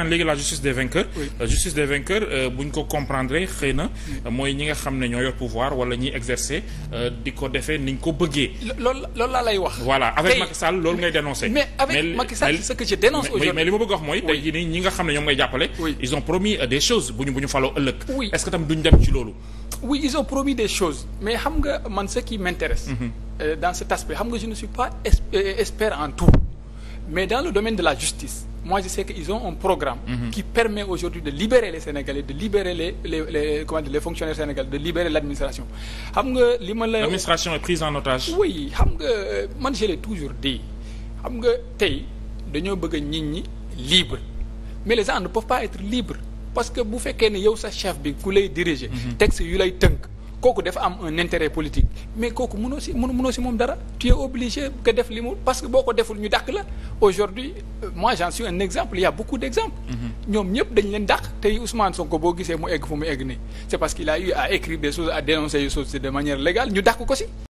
naan léegi la justice des vainqueurs la justice des vainqueurs euh, bu ñu ko comprendre xëy na mooy ñi nga xam ne ñoo yor pouvoir wala ñiy exercer euh, di ko defee ni ñu ko bëggee loolu laa lay wax voilà avec Macky Sall ngay dénoncer mais avec Macky ce que je dénonce aujourd'hui mais li ma bëgg wax mooy tey jii nii ñi nga xam ne ñoom ngay jàppale ils ont promis euh, des choses bu ñu bu ñu faloo ëllëg est-ce que tam duñ dem ci loolu ils ont promis des choses mais xam mois je sais que ils ont un programme mhm. qui permet aujourd'hui de libérer les Sénégalais de libérer les les les comment dire les fonctionnaires sénégalais de libérer l'administration xam nga li ma la l'administration est prise en otage oui xam nga man je l'ai toujours dit xam nga tey dañoo bëgg a nit ñi libre mais les gens ne peuvent pas être libres parce que bu fekkee ne yow sa chef bi ku lay diriger. Mhm. texte yu lay tënk kooku dafa am un intérêt politique mais kooku mënoo si mënoo si moom dara tu es obligé que def li mu parce que boo ko deful ñu dàq la aujourd'hui euh, moi j'en suis un exemple il beaucoup d'exemples mm-hmm. ñoom ñëpp dañ leen dàq tey Ousmane Sonko boo gisee mu egg fu mu egg nii c'est parce qu'il a eu à écrire des choses à dénoncer des de manière légale ñu dàq ko si